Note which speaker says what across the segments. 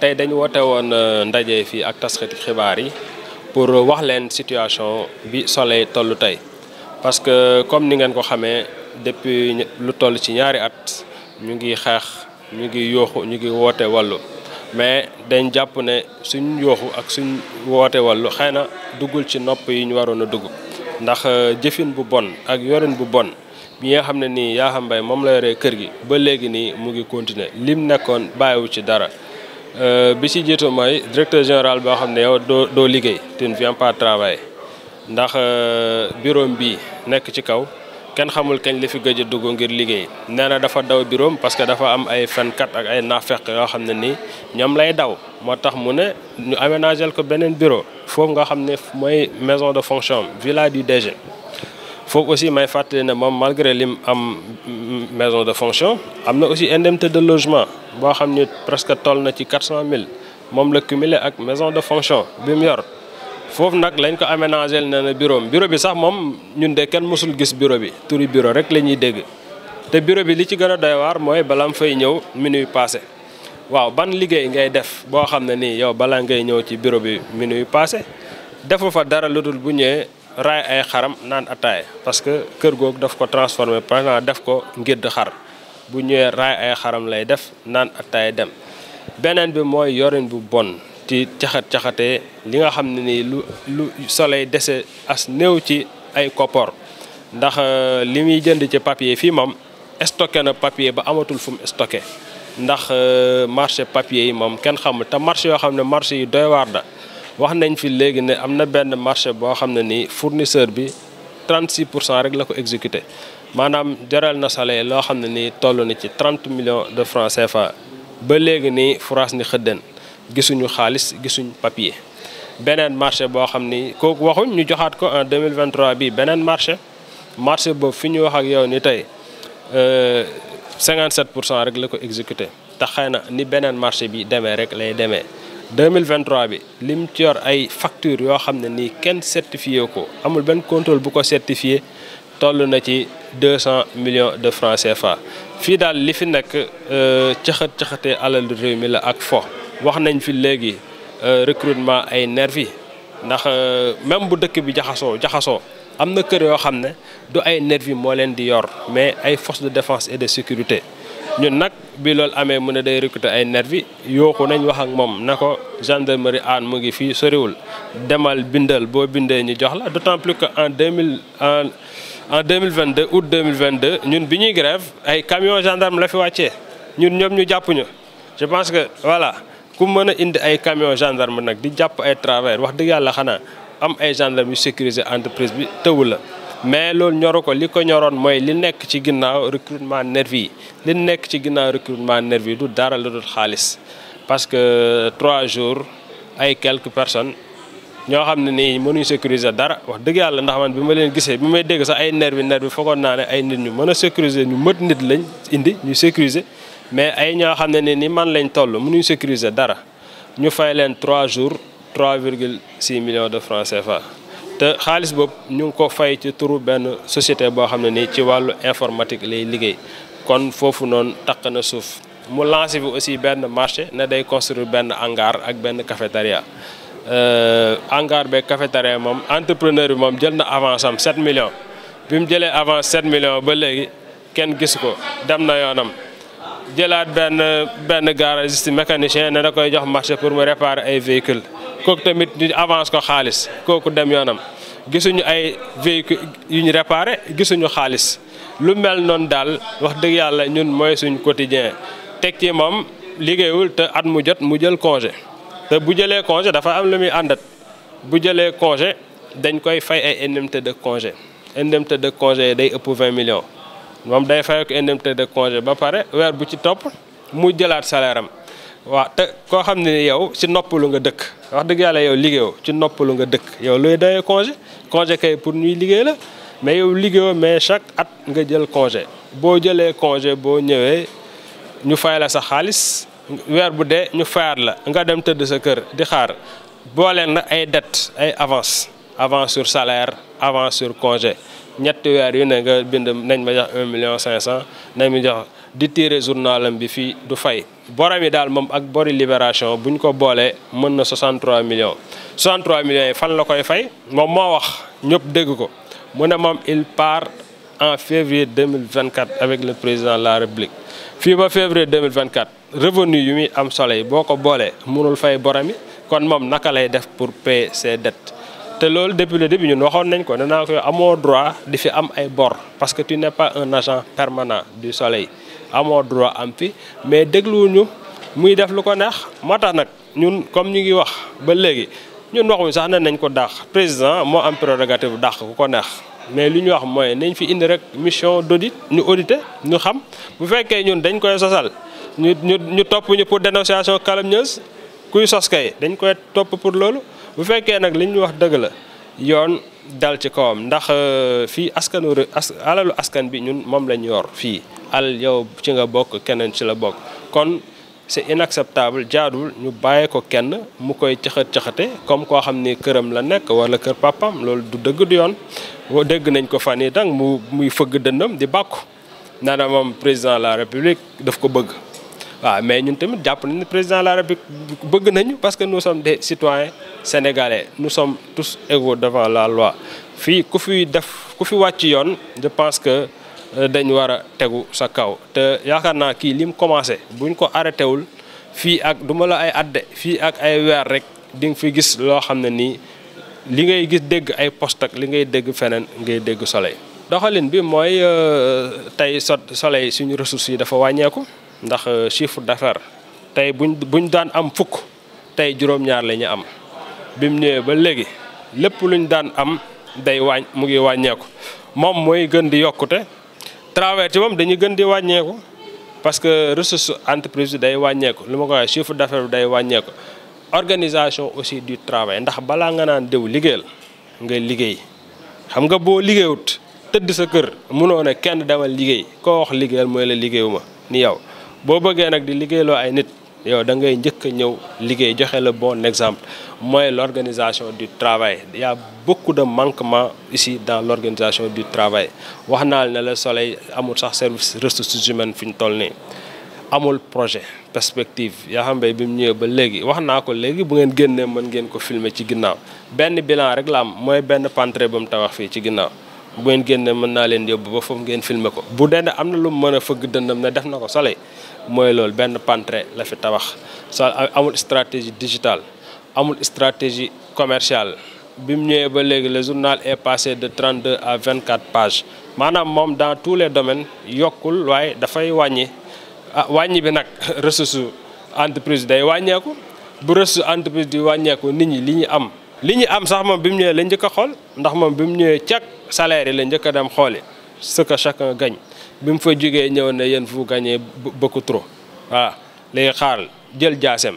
Speaker 1: tey dañu woote woon euh, ndaje fii ak taskati xibaar yi pour wax leen situation bi Soleil tollu tey parce que comme ni ngeen ko xamee depuis lu toll ci ñaari at ñu ngi xeex ñu ngi yooxu ñu ngi woote wàllu mais dañ jàpp ne suñ yooxu ak suñ woote wàllu xëy na duggul ci nopp yi ñu waroon a dugg ndax euh, jëfin bu bon ak yorin bu bon bi nga xam ne nii yaa xam moom la yoree kër gi ba léegi nii mu ngi continuer lim nekkoon bàyyiwu ci dara euh, bi ci jiitu mooy directeur général boo xam ne yow doo doo liggéey te ne viens pas travail ndax euh, bureau bi nekk ci kaw kenn xamul kañ la fi gëj a dugg ngir liggéey nee dafa daw bureau parce que dafa am ay fenkat ak ay naafeq yoo xam ne nii ñoom lay daw moo tax mu ne ñu aménagel ko beneen bureau foofu nga xam ne mooy maison de fonction villa du d foofu aussi may fàttali na moom malgré lim am maison de fonction am na aussi indemnité de logement boo xam ni presque toll na ci mille moom la cumule ak maison de fonction bi mu yor foofu nag lañ ko aménagé na ne bureau bureau bi sax moom ñun de kenn mosul gis bureau bi turi bureau rek la ñuy dégg te bureau bi li ci gën a doy waar mooy balaa mu fay ñëw minuit passé waaw ban liggéey ngay def boo xam ne nii yow balaa ngay ñëw ci bureau bi minuit passé defu fa dara lu bu ñëwee. raay ay xaram naan ataaya parce que kër googu daf ko transformé par def ko ngédd xar bu ñëwee raay ay xaram lay def naan ataaya dem beneen bi mooy yorin bu bon ci caxat caxatee li nga xam ne nii lu lu soleil dese as néew ci ay koppor ndax euh, li muy jënd ci papier fii moom stocké na papier ba amatul fu mu stocké ndax euh, marché papier yi moom kenn xamul te marché yoo xam ne marché yi doy waar da wax nañ fi léegi ne am na benn marché boo xam ne ni fournisseur bi 36 pour cent rek la ko exécuté maanaam jaral na Salé loo xam ne nii toll na ci 30 millions de francs CFA ba léegi nii France ni xëddeen gisuñu xaalis gisuñ papier. beneen marché boo xam ni kooku waxuñ ñu joxaat ko en 2023 bii beneen marché marché boobu fi ñu wax ak yow ni tey 57 euh, pour cent rek la ko exécuté te xëy na ni beneen marché bi demee rek lay demee. 2023 bi lim ci yor ay facture yoo xam ne nii kenn certifié ko amul benn contrôle bu ko certifié toll na ci 200 millions de francais CFA fii daal li fi nekk euh, caxat caxatee alal réew mi la ak fo wax nañ fi léegi euh, recrutement ay nervi ndax euh, même bu dëkk bi jaxasoo jaxasoo am na kër yoo xam ne du ay nervi moo leen di yor mais ay forces de défense et de sécurité ñun nag bii loolu amee mu ne day recruter ay nervi yooku nañ wax ak moom na ko gendarmerie aan mu ngi fii soriwul demal bindal boo bindee ñu jox la d'autant plus que en deux mille en en deux mille vingt deux août deux mille vingt deux ñun bi ñuy grève ay camion gendarme la fi wàccee ñun ñoom ñu jàpp ñu je pense que voilà ku mën a indi ay camion gendarme nag di jàpp ay travers wax dëgg yàlla xanaa am ay gendarme yu sécuriser entreprise bi tëwu la. mais loolu ñoru ko li ko ñoroon mooy li nekk ci ginnaaw recrutement nervi yi li nekk ci ginnaaw recrutement nervi yi du dara la dul xaalis parce que trois jours ay quelques personnes ñoo xam ne ni mënuñ sécuriser dara wax dëgg yàlla ndax man bi ma leen gisee bi may dégg sax ay nervi nervi foogoon naa ne ay nit ñu mën a sécuriser ñu mët nit lañ indi ñu sécuriser mais ay ñoo xam ne ni man lañ toll mënuñ sécuriser dara ñu fay leen trois jours trois virgule six millions de francs CFA te xaalis boobu ñu ngi ko fay ci turu benn société boo xam ne nii ci wàllu informatique lay liggéey kon foofu noonu taq na suuf mu lancé bi aussi benn marché ne day construire benn hangar ak benn cafétéria euh, hangar beeg cafétéria moom entrepreneur bi moom jël na avance am 7 millions bi mu jëlee avance 7 million ba léegi kenn gisu ko dem na yoonam jëlaat benn benn garagiste mécanicien na da koy jox marché pour mu réparer ay véhicules kooku tamit ñu avance ko xaalis kooku dem yoonam gisuñu ay véhicule yu ñu réparé gisuñu xaalis lu mel noonu daal wax dëgg yàlla ñun mooy suñ quotidien teg ci moom liggéeyul te at mu jot mu jël congé te bu jëlee congé dafa am lu muy àndat bu jëlee congé dañ koy fay ay indemnité de congé indemnité de congé day ëpp 20 millions moom day fay ko indemnité de congé ba pare weer bu ci topp mu jëlaat salaire am waaw te koo xam ne yow ci noppalu nga dëkk wax dëgg yàlla yow liggéeyoo ci noppalu nga dëkk yow looy doyee congé congé kay pour ñuy liggéey la mais yow liggéeyoo mais chaque at nga jël congé boo jëlee congé boo ñëwee ñu fay la sa xaalis weer bu dee ñu fayaat la nga dem tëdd sa kër di xaar booleen na ay dette ay avance avant sur salaire avant sur congé ñetti weer yu ne nga bind nañ ma jox million cinq cent nañ ma jox di tiire journalam bi fii du fay borom yi daal moom ak bori libération bu ko boolee mën na 63 millions 63 millions yi fan la koy fay moom moo wax ñëpp dégg ko mu ne moom il part en février 2024 avec le président la république fii ba février 2024 revenu yu muy am soleil boo ko boolee mënul fay borom yi kon moom naka lay def pour payer ses dettes te loolu depuis le début ñun waxoon nañ ko nee naa ko amoo droit di fi am ay bor parce que tu n'es pas un agent permanent du soleil amoo droit am fi mais dégluwuñu muy def lu ko neex moo tax nag ñun comme ñu ngi wax ba léegi ñun waxuñu sax ne nañ ko dàq président moo am prérogative dàq ku ko neex mais li ñu wax mooy nañ fi indi rek mission d'audit ñu auditer ñu xam bu fekkee ñun dañ koy sosal ñu ñu ñu topp ñu pour dénonciation calomnieuse kuy sos k dañ koy topp pour loolu. bu fekkee nag li ñu wax dëgg la yoon dal ci kawam ndax euh, fii askanu alalu askan bi ñun moom lañ yor fii alal yow ci nga bokk keneen ci la bokk kon c'est inacceptable jaadul ñu bàyyee ko kenn mu koy caxat caxate comme koo xam ni këram la nekk wala kër papam loolu du dëgg du yoon dégg nañ ko fan yi dang mu muy fëgg dëndam di bàkku nana moom président la république daf ko bëgg waaw mais ñun tamit jàpp nañ président la république bëgg nañu parce que nous sommes sénégalais nous sommes tous égaux devant la loi fii ku fiy def ku fi wàcc yoon je pense que euh, dañ war a tegu sa kaw te yaakaar naa kii li mu commencé buñ ko arrêté wul fii ak du ma la ay adde fii ak ay weer rek di nga fi gis loo xam ne nii li ngay gis dégg ay poste li ngay dégg feneen ngay dégg soleil doxalin bi mooy euh, tey so soleil suñu ressources yi dafa wàññeeku ndax euh, chiffre d'affaires tey buñ buñ daan am fukk tey juróom-ñaar la ñu am bi mu ñëwee ba léegi lépp luñ daan am day wàññ mu ngi wàññeeku moom mooy gën di yokkute travers ci moom dañuy gën di wàññeeku parce que ressource entreprise bi day wàññeeku lu ma ko waxee chiffre d'affaires bi day wàññeeku organisation aussi du travail ndax balaa nga naan déw liggéeyal nga liggéey xam nga boo liggéeyut tëdd sa kër mënoo ne kenn demal liggéey koo wax liggéeyal mooy la liggéeyu ma ni yow boo bëggee nag di liggéeyloo ay nit yow da ngay njëkk a ñëw liggéey joxe la bon exemple mooy l'organisation du travail il y a beaucoup de manquements ici dans l'organisation du travail wax naa ne la soleil amul sax service ressources humaines fi ñu toll nii amul projet perspective yaa xam ne bi mu ñëwee ba léegi wax naa ko léegi bu ngeen génnee mën ngeen ko filmer ci ginnaaw benn bilan rek la am mooy benn pentre ba mu fii ci ginnaaw bu ngeen génnee mën naa leen yóbbu ba foofu ngeen filmer ko bu dee am na lu mu mën a fëgg dëndam ne def na ko soleil mooy loolu benn pantre la fi tabax sa amul stratégie digitale amul stratégie commerciale bi mu ñëwee ba léegi le journal est passé de 32 à 24 pages maanaam moom dans tous les domaines yokkul waaye dafay wàññi ah wàññi bi nag ressource entreprise day wàññeeku bu ressource entreprise di wàññeeku nit ñi li ñu am li ñu am sax moom bi mu ñëwee la njëkk a xool ndax moom bi mu ñëwee cag salaire yi la njëkk a dem xooli ce que chacun gagne bi mu fa jógee ñëw ne yéen fu gagné beaucoup trop voilà léegi xaaral jël jaasem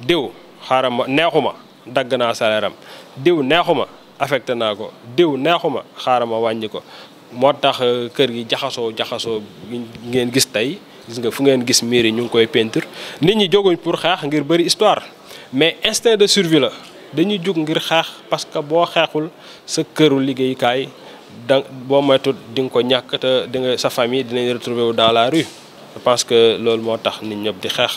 Speaker 1: diw xaaral ma neexu ma dagg naa salaire am diw neexu ma affecté naa ko diw neexu ma xaaral ma wàññi ko moo tax euh, kër gi jaxasoo jaxasoo ngeen gis tey gis nga fu ngeen gis miir yi ñu ngi koy peinture nit ñi jóguñ pour xeex ngir bëri histoire mais instinct de survie la dañuy jóg ngir xeex parce que boo xeexul sa këru liggéeykaay da boo moytuwul di nga ko ñàkk te nga sa famille dinañ retrouver wu dans la rue je que loolu moo tax nit ñëpp di xeex.